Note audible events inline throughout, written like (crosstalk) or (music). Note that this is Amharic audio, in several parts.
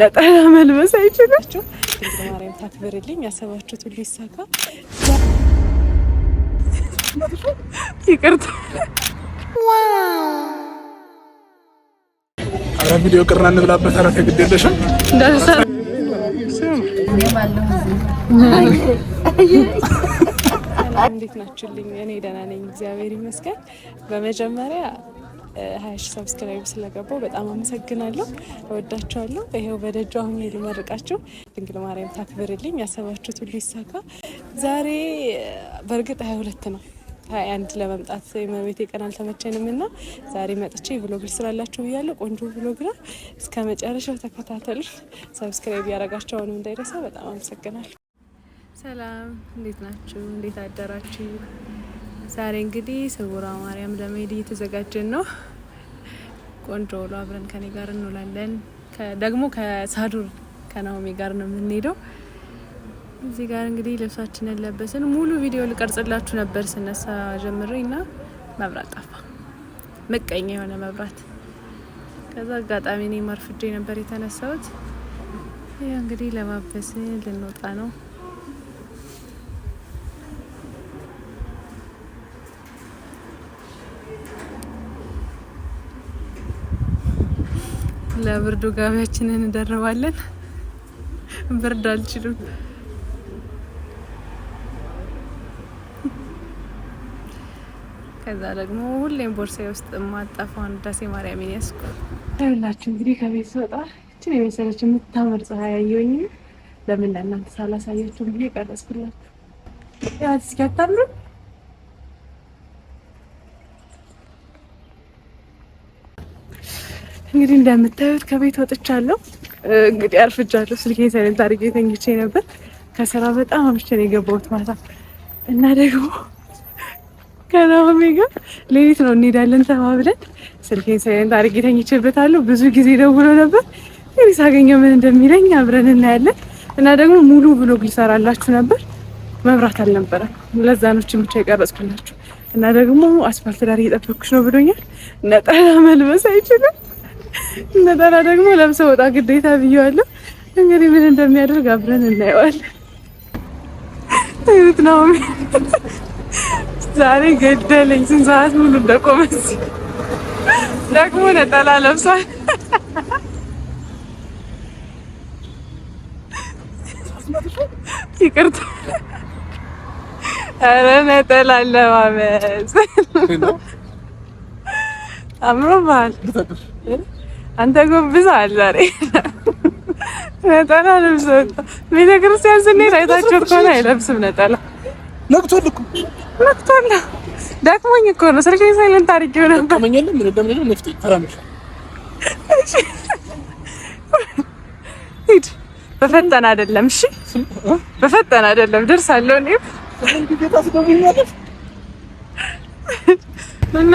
ነጠላ መልበስ አይችላችሁ። ማርያም ታክብርልኝ። ያሰባችሁት ሁሉ ይሳካ። ይቅርታ አረ ቪዲዮ ቅርና እንብላበት። አረ ግድ የለሽም እንዴት ናችሁልኝ? እኔ ደህና ነኝ፣ እግዚአብሔር ይመስገን። በመጀመሪያ ሀያ ሺ ሰብስክራይብ ስለገባው በጣም አመሰግናለሁ። እወዳችኋለሁ። ይሄው በደጃ አሁን ልመርቃችሁ። ድንግል ማርያም ታክብርልኝ፣ ያሰባችሁት ሁሉ ይሳካ። ዛሬ በእርግጥ ሀያ ሁለት ነው ሀያ አንድ ለመምጣት የመቤቴ ቀን አልተመቸንም እና ዛሬ መጥቼ ብሎግ ስላላችሁ ብያለሁ። ቆንጆ ብሎግ ነው። እስከ መጨረሻው ተከታተሉ። ሰብስክራይብ ያደረጋችሁ እንዳይረሳ። በጣም አመሰግናለሁ። ሰላም፣ እንዴት ናችሁ? እንዴት አደራችሁ? ዛሬ እንግዲህ ስውሯ ማርያም ለመሄድ እየተዘጋጀን ነው። ቆንጆ ውሎ አብረን ከኔ ጋር እንውላለን። ደግሞ ከሳዱር ከናሆሜ ጋር ነው የምንሄደው። እዚህ ጋር እንግዲህ ልብሳችንን ለበስን። ሙሉ ቪዲዮ ልቀርጽላችሁ ነበር ስነሳ ጀምሬ እና መብራት ጠፋ። ምቀኛ የሆነ መብራት። ከዛ አጋጣሚ እኔ ማርፍጄ ነበር የተነሳሁት። ይህ እንግዲህ ለማበስን ልንወጣ ነው። ለብርዱ ጋቢያችንን እንደርባለን። ብርድ አልችልም። ከዛ ደግሞ ሁሌም ቦርሳ ውስጥ የማጠፋውን ዳሴ ማርያም ያስኩ ይላችሁ። እንግዲህ ከቤት ስወጣ ችን የመሰለች የምታምር ፀሐይ ያየሁኝ ለምን ለእናንተ ሳላሳያችሁ ብዬ ቀረጽኩላችሁ። ያት እስኪ አታምሩም? እንግዲህ እንደምታዩት ከቤት ወጥቻለሁ። እንግዲህ አርፍጃለሁ። ስልኬ ሳይለንት አድርጌ ተኝቼ ነበር። ከስራ በጣም አምሽቼ ነው የገባሁት ማታ እና ደግሞ ከናሆሜ ጋር ሌሊት ነው እንሄዳለን ተባብለን ስልኬን ሳይለንት አድርጌ ተኝቼበታለሁ። ብዙ ጊዜ ደውሎ ነበር። እንግዲህ ሳገኘው ምን እንደሚለኝ አብረን እናያለን እና ደግሞ ሙሉ ብሎግ ሊሰራላችሁ ነበር። መብራት አልነበረም። ለዛ ኖችን ብቻ የቀረጽኩላችሁ እና ደግሞ አስፋልት ዳር እየጠበኩሽ ነው ብሎኛል። ነጠላ መልበስ አይችልም ነጠላ ደግሞ ለብሰ ወጣ ግዴታ ብየዋለሁ። እንግዲህ ምን እንደሚያደርግ አብረን እናየዋለን። እዩት ነው ዛሬ ገደለኝ። ስንት ሰዓት ሙሉ እንደቆመ ደግሞ ነጠላ ለብሷል። ይቅርታ ኧረ ነጠላ አለባበስ አምሮብሃል። አንተ ጎብዛል ዛሬ ነጠላ ለብሶ ቤተ ክርስቲያን ስንሄድ አይታችሁ ከሆነ አይለብስም ነጠላ። ነግቷል እኮ ነግቷል። ዳክሞኝ እኮ ነው ስልክ ሳይለንት አድርጌው ነበር። በፈጠን አይደለም። እሺ በፈጠን አይደለም። ደርሳለሁ እኔ እና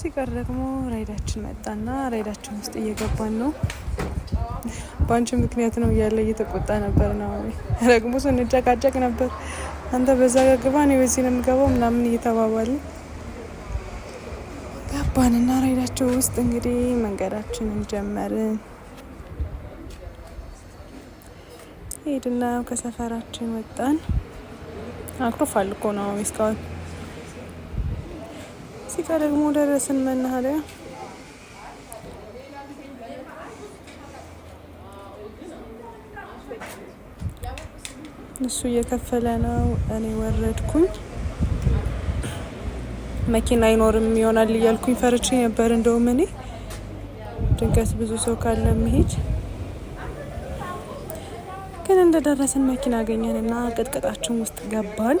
ሲቀር ደግሞ ራይዳችን መጣና ራይዳችን ውስጥ እየገባን ነው። በአንቺ ምክንያት ነው እያለ እየተቆጣ ነበር ነው ደግሞ ስንጨቃጨቅ ነበር። አንተ በዛ ገግባ እኔ በዚህ ነው የምገባው ምናምን እየተባባለ ገባንና ራይዳቸው ውስጥ እንግዲህ መንገዳችንን ጀመርን። ሄድና ከሰፈራችን ወጣን። አኩርፋል እኮ ነው እስካሁን እዚህ ጋር ደግሞ ደረስን መናኸሪያ። እሱ እየከፈለ ነው፣ እኔ ወረድኩኝ። መኪና አይኖርም ይሆናል እያልኩኝ ፈርቼ ነበር። እንደውም እኔ ድንገት ብዙ ሰው ካለ መሄድ ግን እንደደረስን መኪና አገኘን እና ቅጥቅጣችን ውስጥ ገባን።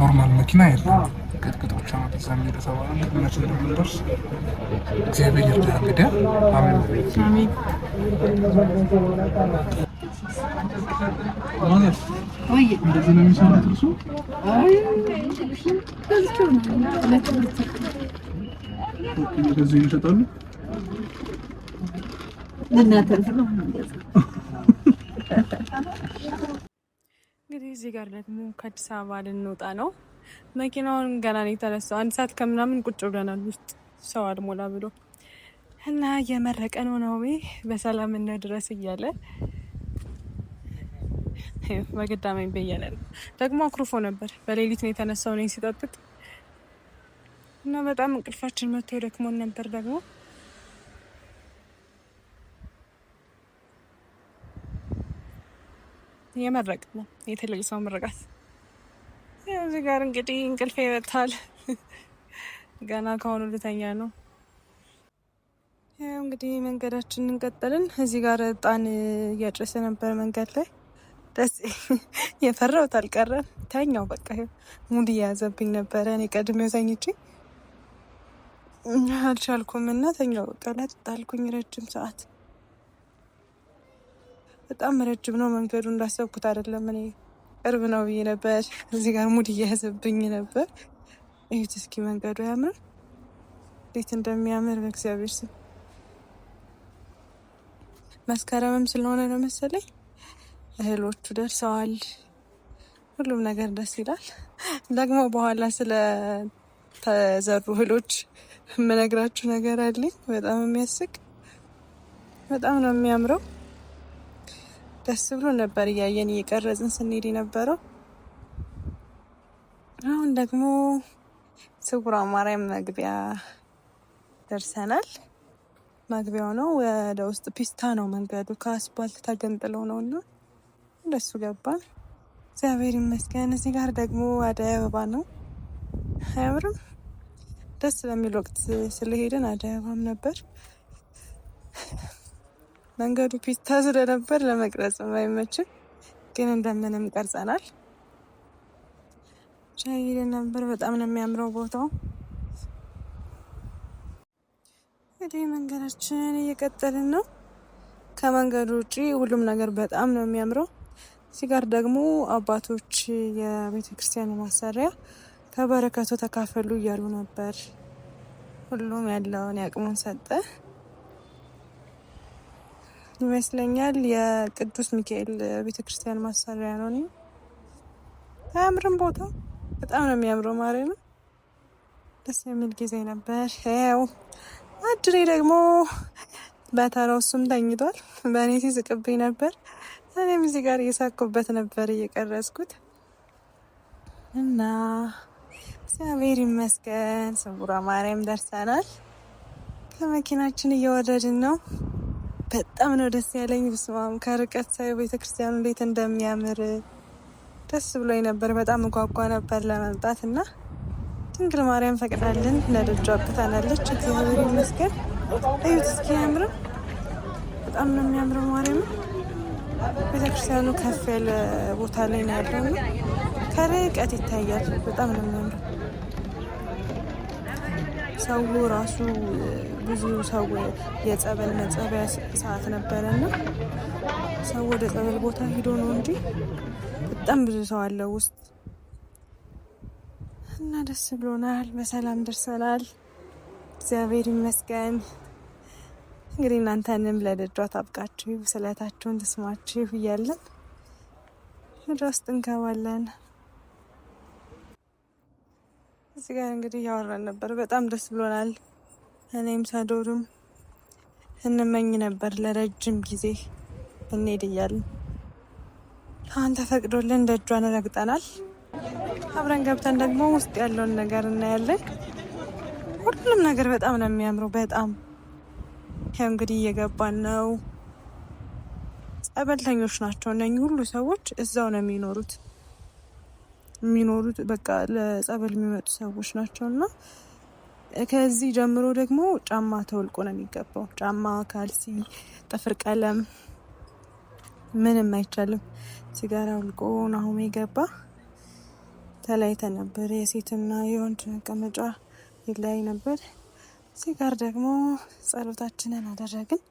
ኖርማል መኪና የለም። ቅጥቅጥ ብቻ ነው እዛ እንደምንደርስ እግዚአብሔር ይርዳ። እንግዲህ አሜን። እንደዚህ ነው እንግዲህ እዚህ ጋር ደግሞ ከአዲስ አበባ ልንወጣ ነው። መኪናውን ገና ነው የተነሳው። አንድ ሰዓት ከምናምን ቁጭ ብለናል ውስጥ ሰው አልሞላ ብሎ እና እየመረቀ ነው ነው በሰላም እንድረስ እያለ በግዳማኝ በያለ ነው ደግሞ አኩርፎ ነበር። በሌሊት ነው የተነሳው ነው ሲጠብቅ እና በጣም እንቅልፋችን መጥቶ ደክሞን ነበር ደግሞ የመረቅ ነው የትልቅ ሰው ምርቃት። እዚህ ጋር እንግዲህ እንቅልፍ ይበታል። (laughs) ገና ከሆኑ ልተኛ ነው። እንግዲህ መንገዳችንን እንቀጠልን። እዚህ ጋር እጣን እያጨሰ ነበር መንገድ ላይ ደስ (laughs) የፈራሁት አልቀረም። ተኛው በቃ ሙድ እያያዘብኝ ነበረ። እኔ ቀድሜው ተኝቼ አልቻልኩም እና ተኛው በቃ ጣልኩኝ ረጅም ሰዓት በጣም ረጅም ነው መንገዱ። እንዳሰብኩት አይደለም። እኔ ቅርብ ነው ብዬ ነበር። እዚህ ጋር ሙድ እየያዘብኝ ነበር። እዩት እስኪ መንገዱ ያምር፣ እንዴት እንደሚያምር በእግዚአብሔር ስም። መስከረምም ስለሆነ ነው መሰለኝ እህሎቹ ደርሰዋል። ሁሉም ነገር ደስ ይላል። ደግሞ በኋላ ስለ ተዘሩ እህሎች የምነግራችሁ ነገር አለኝ። በጣም የሚያስቅ በጣም ነው የሚያምረው። ደስ ብሎ ነበር እያየን እየቀረጽን ስንሄድ የነበረው። አሁን ደግሞ ስውሯ ማርያም መግቢያ ደርሰናል። መግቢያው ነው። ወደ ውስጥ ፒስታ ነው መንገዱ ከአስፓልት ተገንጥሎ ነው እና እንደሱ ገባን። እግዚአብሔር ይመስገን። እዚህ ጋር ደግሞ አደይ አበባ ነው። አያምርም? ደስ በሚል ወቅት ስለሄድን አደይ አበባም ነበር። መንገዱ ፒታ ስለነበር ለመቅረጽ አይመችም፣ ግን እንደምንም ቀርጸናል። ሻይል ነበር። በጣም ነው የሚያምረው ቦታው። እንግዲህ መንገዳችንን እየቀጠልን ነው። ከመንገዱ ውጪ ሁሉም ነገር በጣም ነው የሚያምረው። እዚህ ጋር ደግሞ አባቶች የቤተክርስቲያኑ ማሰሪያ ከበረከቱ ተካፈሉ እያሉ ነበር። ሁሉም ያለውን ያቅሙን ሰጠ። ይመስለኛል የቅዱስ ሚካኤል ቤተክርስቲያን ማሰሪያ ነው። እኔ አያምርም? ቦታ በጣም ነው የሚያምረው። ማርያምን ደስ የሚል ጊዜ ነበር። ያው አድሬ ደግሞ በተራው እሱም ተኝቷል። በእኔ ሲስቅብኝ ነበር። እኔም እዚህ ጋር እየሳኩበት ነበር እየቀረጽኩት እና እግዚአብሔር ይመስገን ስውሯ ማርያም ደርሰናል። ከመኪናችን እየወረድን ነው። በጣም ነው ደስ ያለኝ። ብስማም ከርቀት ሳይ ቤተክርስቲያኑ እንዴት እንደሚያምር ደስ ብሎኝ ነበር። በጣም እጓጓ ነበር ለመምጣት እና ድንግል ማርያም ፈቅዳልን ለደጁ አብቅታናለች። እግዚአብሔር ይመስገን። እዩት እስኪ ያምርም በጣም ነው የሚያምረው። ማርያም ቤተክርስቲያኑ ከፍ ያለ ቦታ ላይ ነው ያለው። ከርቀት ይታያል። በጣም ነው የሚያምረው። ሰው ራሱ ብዙ ሰው የጸበል መጸበያ ሰዓት ነበረ እና ሰው ወደ ጸበል ቦታ ሂዶ ነው እንጂ በጣም ብዙ ሰው አለው ውስጥ እና ደስ ብሎናል። በሰላም ደርሰናል። እግዚአብሔር ይመስገን። እንግዲህ እናንተንም ለደጇ ታብቃችሁ ስለታችሁን ተስማችሁ እያለን ወደ ውስጥ እንገባለን። እዚህ ጋር እንግዲህ እያወራን ነበር። በጣም ደስ ብሎናል። እኔም ሳዶርም እንመኝ ነበር ለረጅም ጊዜ እንሄድ እያለን አሁን ተፈቅዶልን ደጇን ረግጠናል። አብረን ገብተን ደግሞ ውስጥ ያለውን ነገር እናያለን። ሁሉም ነገር በጣም ነው የሚያምረው። በጣም ያው እንግዲህ እየገባን ነው። ጸበልተኞች ናቸው እነኚህ ሁሉ ሰዎች እዛው ነው የሚኖሩት የሚኖሩት በቃ ለጸበል የሚመጡ ሰዎች ናቸው እና ከዚህ ጀምሮ ደግሞ ጫማ ተወልቆ ነው የሚገባው። ጫማ፣ ካልሲ፣ ጥፍር ቀለም ምንም አይቻልም። ሲጋራ ውልቆ ናሁም የገባ ተለያይተ ነበር። የሴትና የወንድ መቀመጫ ይለያይ ነበር። ሲጋር ደግሞ ጸሎታችንን አደረግን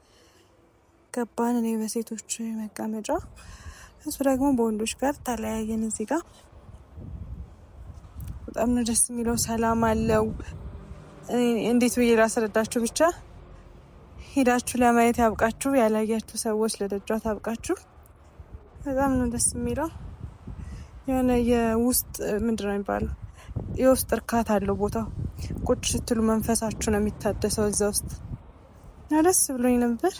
ገባን። እኔ በሴቶች መቀመጫ፣ እሱ ደግሞ በወንዶች ጋር ተለያየን። እዚህ ጋር በጣም ነው ደስ የሚለው። ሰላም አለው። እንዴት ብዬ ላስረዳችሁ፣ ብቻ ሄዳችሁ ለማየት ያብቃችሁ። ያላያችሁ ሰዎች ለደጃት ያብቃችሁ። በጣም ነው ደስ የሚለው። የሆነ የውስጥ ምንድን ነው የሚባለው የውስጥ እርካታ አለው ቦታው። ቁጭ ስትሉ መንፈሳችሁ ነው የሚታደሰው እዛ ውስጥ እና ደስ ብሎኝ ነበር።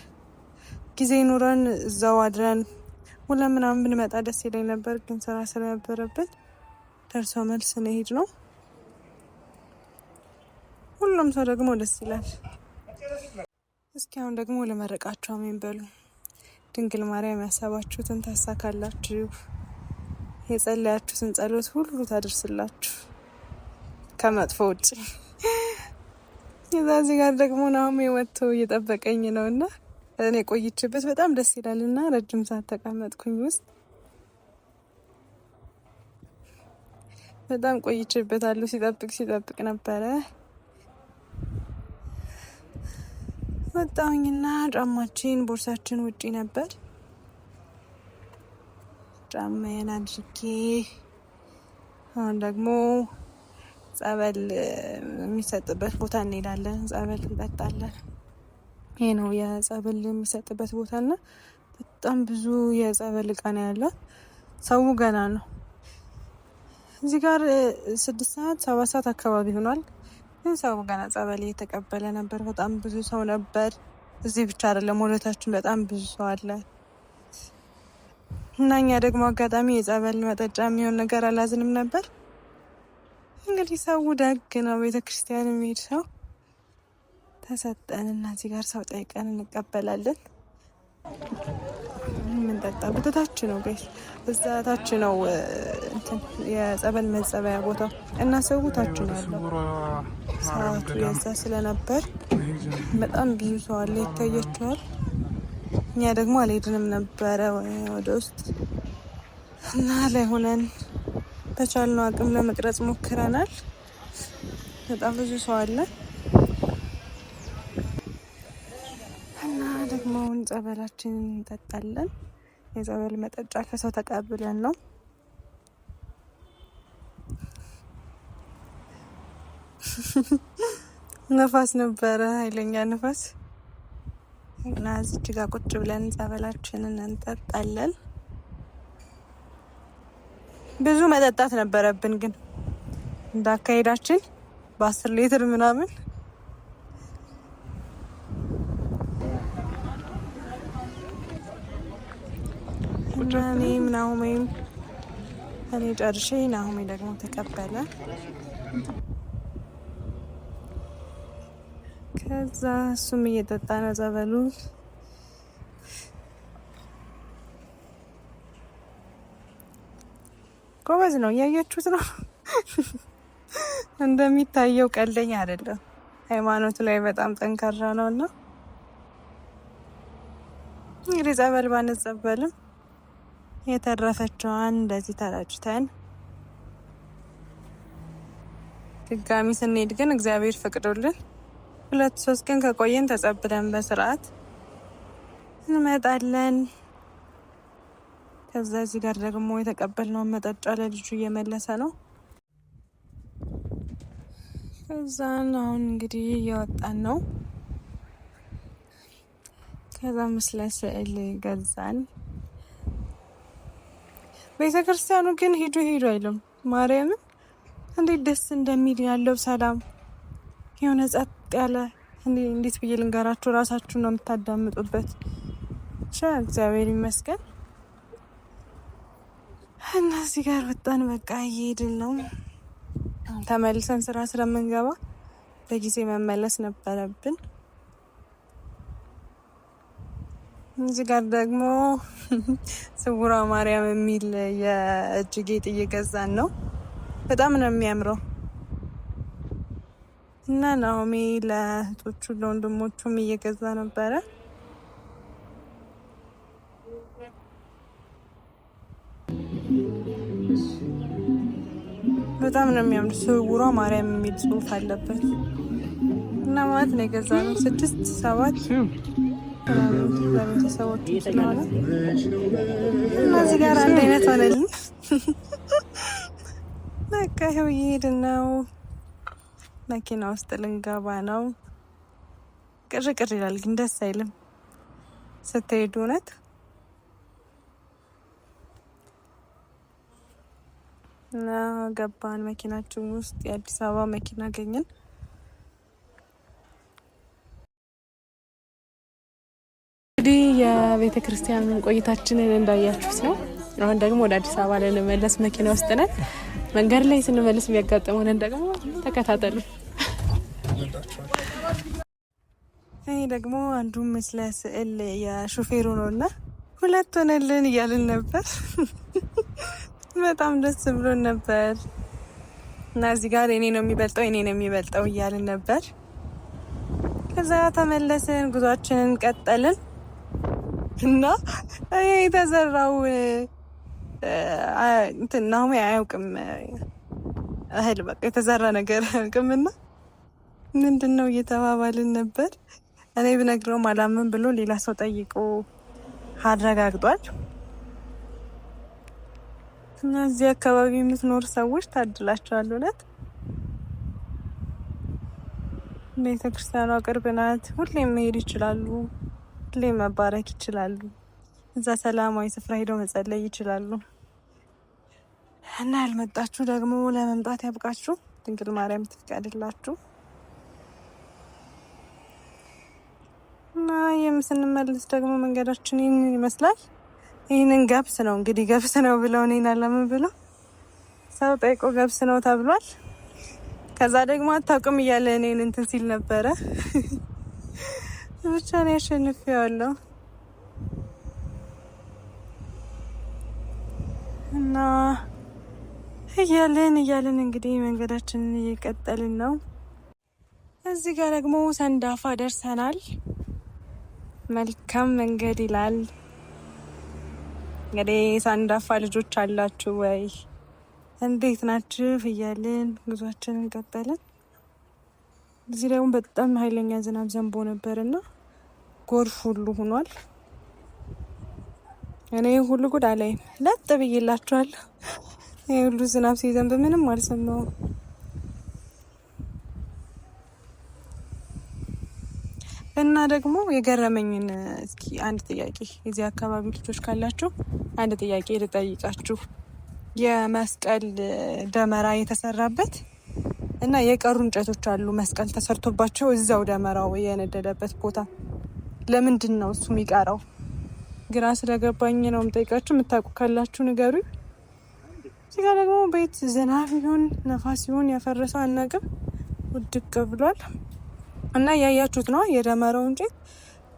ጊዜ ኑረን እዛው አድረን ሁለ ምናምን ብንመጣ ደስ ይለኝ ነበር፣ ግን ስራ ስለነበረበት ደርሶ መልስ ነው ሄድ ነው ሁሉም ሰው ደግሞ ደስ ይላል። እስኪ አሁን ደግሞ ለመረቃቸው አሜን በሉ። ድንግል ማርያም ያሰባችሁትን ታሳካላችሁ፣ የጸለያችሁትን ጸሎት ሁሉ ታደርስላችሁ ከመጥፎ ውጭ። እዚህ ጋር ደግሞ ናሆም ወጥቶ እየጠበቀኝ ነው እና እኔ ቆይችበት በጣም ደስ ይላል እና ረጅም ሰዓት ተቀመጥኩኝ ውስጥ በጣም ቆይችበታለሁ። ሲጠብቅ ሲጠብቅ ነበረ። ወጣሁኝና ጫማችን ቦርሳችን ውጪ ነበር። ጫማዬን አድርጌ አሁን ደግሞ ጸበል የሚሰጥበት ቦታ እንሄዳለን። ጸበል እንጠጣለን። ይሄ ነው የጸበል የሚሰጥበት ቦታ እና በጣም ብዙ የጸበል እቃ ነው ያለ። ሰው ገና ነው። እዚህ ጋር ስድስት ሰዓት ሰባት ሰዓት አካባቢ ሆኗል። ግን ሰው ገና ጸበል እየተቀበለ ነበር። በጣም ብዙ ሰው ነበር። እዚህ ብቻ አይደለም፣ ወደታችን በጣም ብዙ ሰው አለ እና እኛ ደግሞ አጋጣሚ የጸበል መጠጫ የሚሆን ነገር አላዝንም ነበር። እንግዲህ ሰው ደግ ነው። ቤተክርስቲያን የሚሄድ ሰው ተሰጠን እና እዚህ ጋር ሰው ጠይቀን እንቀበላለን። የምንጠጣበት ታች ነው ጋይስ፣ እዛ ታች ነው የጸበል መጸበያ ቦታ እና ሰው ታች ነው ያለው። ሰዓቱ የዛ ስለነበር በጣም ብዙ ሰው አለ ይታያቸዋል። እኛ ደግሞ አልሄድንም ነበረ ወደ ውስጥ እና ላይ ሆነን በቻልነው አቅም ለመቅረጽ ሞክረናል። በጣም ብዙ ሰው አለ። ጸበላችን እንጠጣለን። የጸበል መጠጫ ከሰው ተቀብለን ነው። (laughs) ነፋስ ነበረ፣ ኃይለኛ ነፋስ እና እዚች ጋ ቁጭ ብለን ጸበላችንን እንጠጣለን። ብዙ መጠጣት ነበረብን ግን እንዳካሄዳችን በአስር ሊትር ምናምን እኔም ናሁሜም እኔ ጨርሼ ናሁሜ ደግሞ ተቀበለ። ከዛ እሱም እየጠጣ ነው ጸበሉ። ጎበዝ ነው፣ እያያችሁት ነው። እንደሚታየው ቀልደኛ አይደለም። ሃይማኖቱ ላይ በጣም ጠንካራ ነው እና እንግዲህ ጸበል ባንጸበልም የተረፈችዋን እንደዚህ ተራጭተን ድጋሚ ስንሄድ ግን እግዚአብሔር ፈቅዶልን ሁለት ሶስት ቀን ከቆየን ተጸብለን በስርዓት እንመጣለን። ከዛ እዚህ ጋር ደግሞ የተቀበልነውን መጠጫ ለልጁ እየመለሰ ነው። ከዛን አሁን እንግዲህ እየወጣን ነው። ከዛ ምስለ ስዕል ገዛን። ቤተ ክርስቲያኑ ግን ሂዱ ሂዱ አይልም። ማርያምን እንዴት ደስ እንደሚል ያለው ሰላም የሆነ ጸጥ ያለ እንዴት ብዬ ልንገራችሁ፣ ራሳችሁ ነው የምታዳምጡበት። እግዚአብሔር ይመስገን። እነዚህ ጋር ወጣን፣ በቃ እየሄድን ነው። ተመልሰን ስራ ስለምንገባ በጊዜ መመለስ ነበረብን። እዚህ ጋር ደግሞ (laughs) ስውሯ ማርያም የሚል የእጅ ጌጥ እየገዛን ነው። በጣም ነው የሚያምረው እና ናሆሚ ለእህቶቹ ለወንድሞቹም እየገዛ ነበረ። በጣም ነው የሚያምር። ስውሯ ማርያም የሚል ጽሁፍ አለበት እና ማለት ነው የገዛ ነው ስድስት ሰባት በቤተሰቦች ስለሆነ እነዚህ ጋር አንድ አይነት ሆነልን። በቃ ይኸው እየሄድን ነው። መኪና ውስጥ ልንገባ ነው። ቅርቅር ይላል ግን ደስ አይልም ስትሄዱ እውነት እና ገባን። መኪናችን ውስጥ የአዲስ አበባ መኪና አገኘን። ቤተ ክርስቲያን ቆይታችንን እንዳያችሁት ነው። አሁን ደግሞ ወደ አዲስ አበባ ልንመለስ መኪና ውስጥ ነን። መንገድ ላይ ስንመለስ የሚያጋጥመንን ደግሞ ተከታተሉ። ይህ ደግሞ አንዱ ምስለ ስዕል የሹፌሩ ነው እና ሁለት ሆነልን እያልን ነበር። በጣም ደስ ብሎን ነበር እና እዚህ ጋር እኔ ነው የሚበልጠው እኔ ነው የሚበልጠው እያልን ነበር። ከዛ ተመለስን፣ ጉዟችንን ቀጠልን። እና የተዘራው ናሁሜ አያውቅም እህል በቃ የተዘራ ነገር አያውቅም። እና ምንድን ነው እየተባባልን ነበር። እኔ ብነግረውም አላምን ብሎ ሌላ ሰው ጠይቆ አረጋግጧል። እና እዚህ አካባቢ የምትኖር ሰዎች ታድላቸዋል። እውነት ቤተክርስቲያኗ ቅርብ ናት። ሁሌም መሄድ ይችላሉ። ላይ መባረክ ይችላሉ። እዛ ሰላማዊ ስፍራ ሄደው መጸለይ ይችላሉ። እና ያልመጣችሁ ደግሞ ለመምጣት ያብቃችሁ፣ ድንግል ማርያም ትፍቀድላችሁ። እና ይህም ስንመልስ ደግሞ መንገዳችን ይህንን ይመስላል። ይህንን ገብስ ነው እንግዲህ ገብስ ነው ብለው እኔን አለምን ብለው ሰው ጠይቆ ገብስ ነው ተብሏል። ከዛ ደግሞ አታውቅም እያለ እኔን እንትን ሲል ነበረ። (laughs) ብቻ ነው ያሸንፌዋለሁ እና እያለን እያለን እንግዲህ መንገዳችንን እየቀጠልን ነው። እዚህ ጋር ደግሞ ሰንዳፋ ደርሰናል። መልካም መንገድ ይላል። እንግዲህ ሰንዳፋ ልጆች አላችሁ ወይ? እንዴት ናችሁ? እያልን ጉዟችንን ቀጠልን። እዚህ ላይ በጣም ኃይለኛ ዝናብ ዘንቦ ና ጎርፍ ሁሉ ሆኗል። እኔ ሁሉ ጉድ አላይም፣ ለጥ ብዬላችኋል። ይህ ሁሉ ዝናብ ሲዘንብ ምንም አልሰማውም። እና ደግሞ የገረመኝን እስኪ አንድ ጥያቄ የዚህ አካባቢ ልጆች ካላችሁ አንድ ጥያቄ ልጠይቃችሁ። የመስቀል ደመራ የተሰራበት እና የቀሩ እንጨቶች አሉ መስቀል ተሰርቶባቸው እዛው ደመራው የነደደበት ቦታ ለምንድን ነው እሱ የሚቀረው? ግራ ስለገባኝ ነው የምጠይቃችሁ። የምታውቁ ካላችሁ ነገሩ እዚጋ ደግሞ ቤት ዝናብ ይሁን ነፋስ ይሁን ያፈረሰው አናውቅም፣ ውድቅ ብሏል እና እያያችሁት ነው የደመራው እንጨት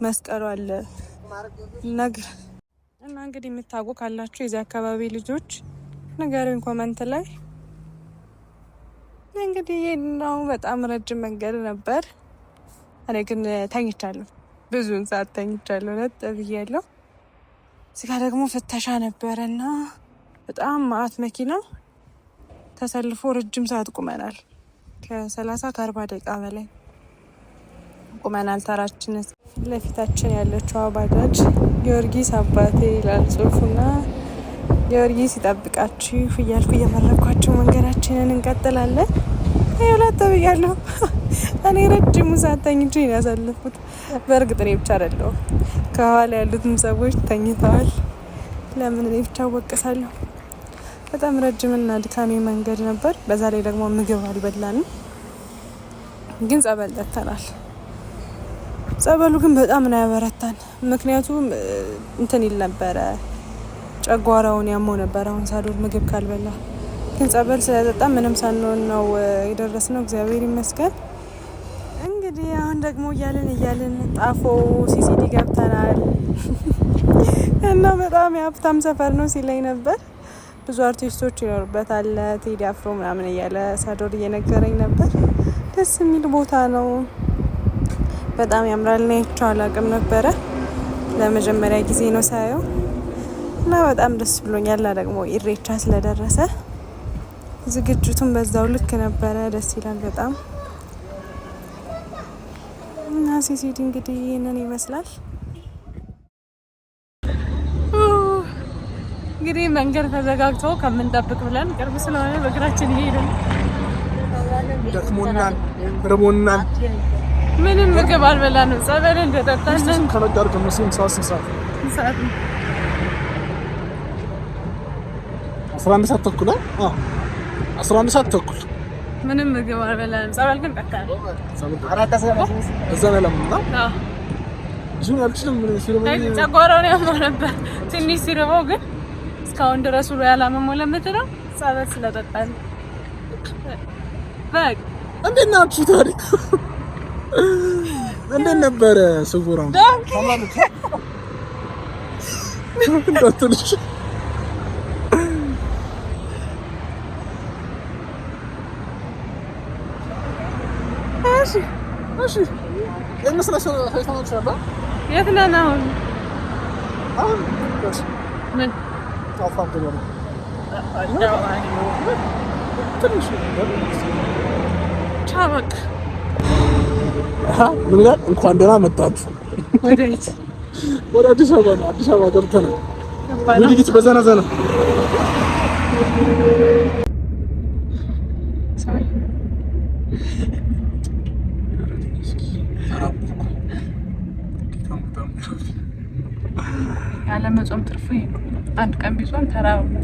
መስቀሉ አለ ነግር እና እንግዲህ የምታውቁ ካላችሁ የዚህ አካባቢ ልጆች ንገሩኝ ኮመንት ላይ እንግዲህ ይህን ነው። በጣም ረጅም መንገድ ነበር። እኔ ግን ተኝቻለሁ፣ ብዙውን ሰዓት ተኝቻለሁ። ነጥ ብያለሁ። እዚጋ ደግሞ ፍተሻ ነበረ እና በጣም ማአት መኪና ተሰልፎ ረጅም ሰዓት ቁመናል። ከሰላሳ ከአርባ ደቂቃ በላይ ቁመናል። ተራችን ለፊታችን ያለችው ባጃጅ ጊዮርጊስ አባቴ ይላል ጽሁፉና ጊዮርጊስ ይጠብቃችሁ እያልኩ እየመረኳቸው መንገዳችንን እንቀጥላለን። ይውላት ተብያለሁ። እኔ ረጅሙ ሰዓት ተኝቼ ነው ያሳለፍኩት። በእርግጥ እኔ ብቻ አይደለሁም፣ ከኋላ ያሉትም ሰዎች ተኝተዋል። ለምን እኔ ብቻ ወቀሳለሁ? በጣም ረጅምና ድካሜ መንገድ ነበር። በዛ ላይ ደግሞ ምግብ አልበላንም፣ ግን ጸበል ጠጥተናል። ጸበሉ ግን በጣም ነው ያበረታን። ምክንያቱም እንትን ይል ነበረ፣ ጨጓራውን ያመው ነበር አሁን ሳዶር ምግብ ካልበላ ግን ጸበል ስለጠጣ ምንም ሳንሆን ነው የደረስነው። ነው። እግዚአብሔር ይመስገን። እንግዲህ አሁን ደግሞ እያልን እያልን ጣፎ ሲሲዲ ገብተናል (laughs) እና በጣም የሀብታም ሰፈር ነው ሲለኝ ነበር። ብዙ አርቲስቶች ይኖሩበታል ቴዲ አፍሮ ምናምን እያለ ሳዶር እየነገረኝ ነበር። ደስ የሚል ቦታ ነው፣ በጣም ያምራል። ና ይቸው አላቅም ነበረ ለመጀመሪያ ጊዜ ነው ሳየው እና በጣም ደስ ብሎኛል። ደግሞ ኢሬቻ ስለደረሰ ዝግጅቱን በዛው ልክ ነበረ። ደስ ይላል በጣም እና ሲሲዲ እንግዲህ ይህንን ይመስላል። እንግዲህ መንገድ ተዘጋግቶ ከምንጠብቅ ብለን ቅርብ ስለሆነ በእግራችን ይሄድን። ደክሞናል፣ ርቦናል። ምንም ምግብ አልበላንም። ጸበል እንደጠጣለን ከመጋር ከምስም ሰዓት ሰዓት አስራ አንድ ሰዓት ተኩል 11 ሰዓት ተኩል ምንም ምግብ አልበላንም። ጸበል ግን ጠጣን። ጨጓራውን ያመው ነበር ትንሽ ሲርበው፣ ግን እስካሁን ድረስ ሁሉ ያላመመው ለምትለው ጸበል ስለጠጣን። እንዴት ናችሁ? ታሪክ እንዴት ነበረ? ስውራው እሺ የመስለሽ ሰይጣኖች አባ የት ነን አሁን? አሁን ምን አፋብደው ትንሽ ቻበቅ ምን ይላል? እንኳን ደህና መጣችሁ ወደ አዲስ አበባ ነው። አዲስ አበባ ገብተናል። ዝግጅት በዘነዘነ ከመጾም ትርፉ አንድ ቀን ቢጾም ተራ ነው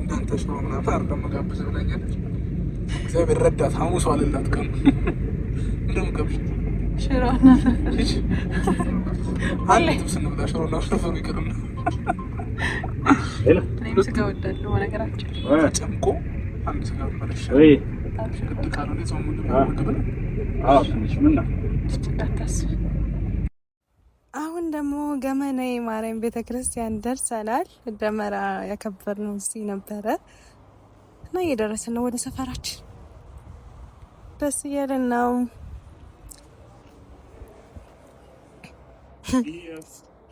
እንዳንተ ሽሮ ምናምን እንደምጋብዝ ብላኛለች። እግዚአብሔር ረዳት ሐሙስ አለላት ቀን እንደምጋብዝ ሽሮና ፍርፍር አንድ ጥብስ እንብላ። ሽሮና ፍርፍሩ ይቅርና ስጋ ወዳለሁ። በነገራችን ጨምቆ አንድ ስጋ መለሻ ግድ ካልሆነ ጾሙ ግብል ትንሽ ምና እንዳታስብ ገመና የማርያም ቤተክርስቲያን ደርሰናል። ደመራ ያከበርነው እዚህ ነበረ እና እየደረስን ነው ወደ ሰፈራችን። ደስ እያለን ነው።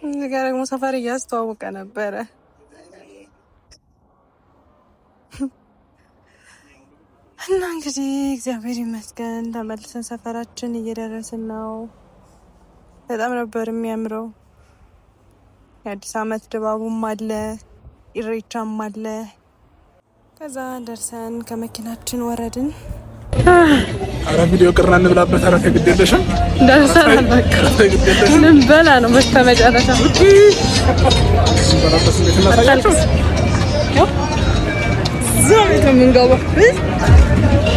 እዚህ ጋር ደግሞ ሰፈር እያስተዋወቀ ነበረ። እና እንግዲህ እግዚአብሔር ይመስገን ተመልሰን ሰፈራችን እየደረስን ነው። በጣም ነበር የሚያምረው። የአዲስ አመት ድባቡም አለ፣ ኢሬቻም አለ። ከዛ ደርሰን ከመኪናችን ወረድን። አረ ቪዲዮ ቅርና እንብላበት። አረ ተግድ የለሽም ደርሰናል። በቃ ልንበላ ነው በስተመጨረሻ የምንገባው።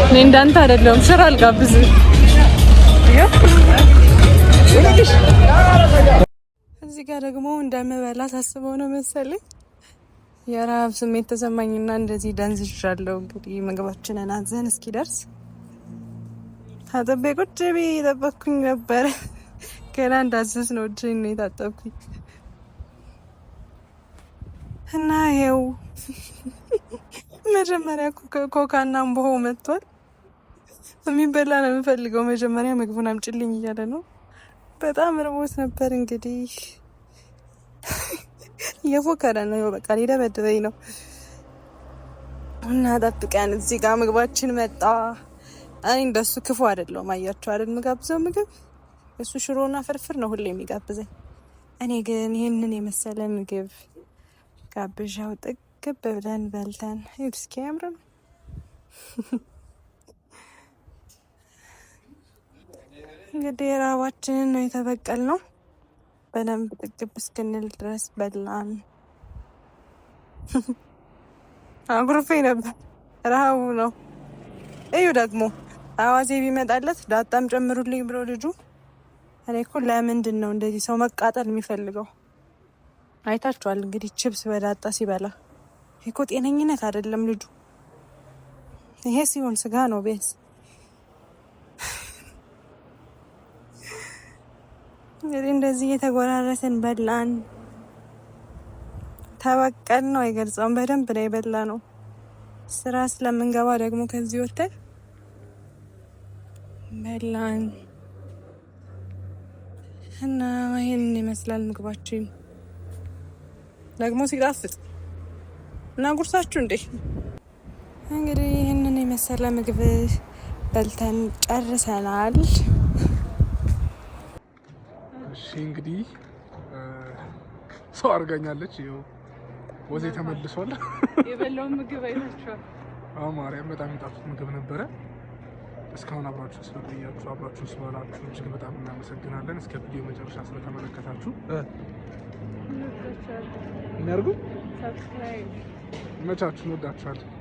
እኔ እንዳንተ አይደለሁም ስራ አልጋብዝም ስጋ ደግሞ እንደምበላ ሳስበው ነው መሰለኝ የረሀብ ስሜት ተሰማኝና እንደዚህ ደንዝዣለሁ። እንግዲህ ምግባችንን አዘን እስኪደርስ ታጥቤ ቁጭ ቤ የጠበቅኩኝ ነበረ። ገና እንዳዘዝ ነው እጅን ነው የታጠብኩኝ እና ይኸው መጀመሪያ ኮካና አምቦ መጥቷል። የሚበላ ነው የምፈልገው። መጀመሪያ ምግቡን አምጭልኝ እያለ ነው። በጣም ርቦት ነበር እንግዲህ (laughs) እየፎከረ ነው። በቃ ሊደበድበኝ ነው። እና ጠብቀን እዚህ ጋር ምግባችን መጣ። አይ እንደሱ ክፉ አይደለሁም። አያችሁ አይደል? ምጋብዘው ምግብ እሱ ሽሮና ፍርፍር ነው ሁሌ የሚጋብዘኝ። እኔ ግን ይህንን የመሰለ ምግብ ጋብዣው ጥግብ ብለን በልተን እስኪ ያምርም። (laughs) እንግዲህ ራባችንን ነው የተበቀል ነው። በደንብ ጥግብ እስክንል ድረስ በላን። (laughs) አጉርፌ ነበር። ረሃቡ ነው። እዩ ደግሞ አዋዜ ቢመጣለት ዳጣም ጨምሩልኝ ብሎ ልጁ። እኔ እኮ ለምንድን ነው እንደዚህ ሰው መቃጠል የሚፈልገው? አይታችኋል እንግዲህ ችብስ በዳጣ ሲበላ እኮ ጤነኝነት አይደለም ልጁ። ይሄ ሲሆን ስጋ ነው ቤት እንግዲህ እንደዚህ እየተጎራረስን በላን። ተበቀል ነው አይገልጸውም። በደንብ ነው የበላ ነው። ስራ ስለምንገባ ደግሞ ከዚህ ወተን በላን እና ይህንን ይመስላል ምግባችን ደግሞ ሲጣፍጥ እና ጉርሳችሁ እንዴ! እንግዲህ ይህንን የመሰለ ምግብ በልተን ጨርሰናል። እንግዲህ ሰው አድርጋኛለች። ይኸው ወዜ ተመልሷል። የበላውን ምግብ አይታችኋል። ማርያም፣ በጣም የጣፉት ምግብ ነበረ። እስካሁን አብራችሁ ስለቆያችሁ አብራችሁ ስበላችሁ እጅግ በጣም እናመሰግናለን። እስከ ቪዲዮ መጨረሻ ስለተመለከታችሁ እናርጉ መቻችሁ እንወዳችኋለን።